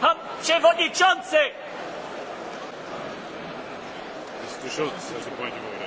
Pan przewodniczący! Jest tu że pani mówi.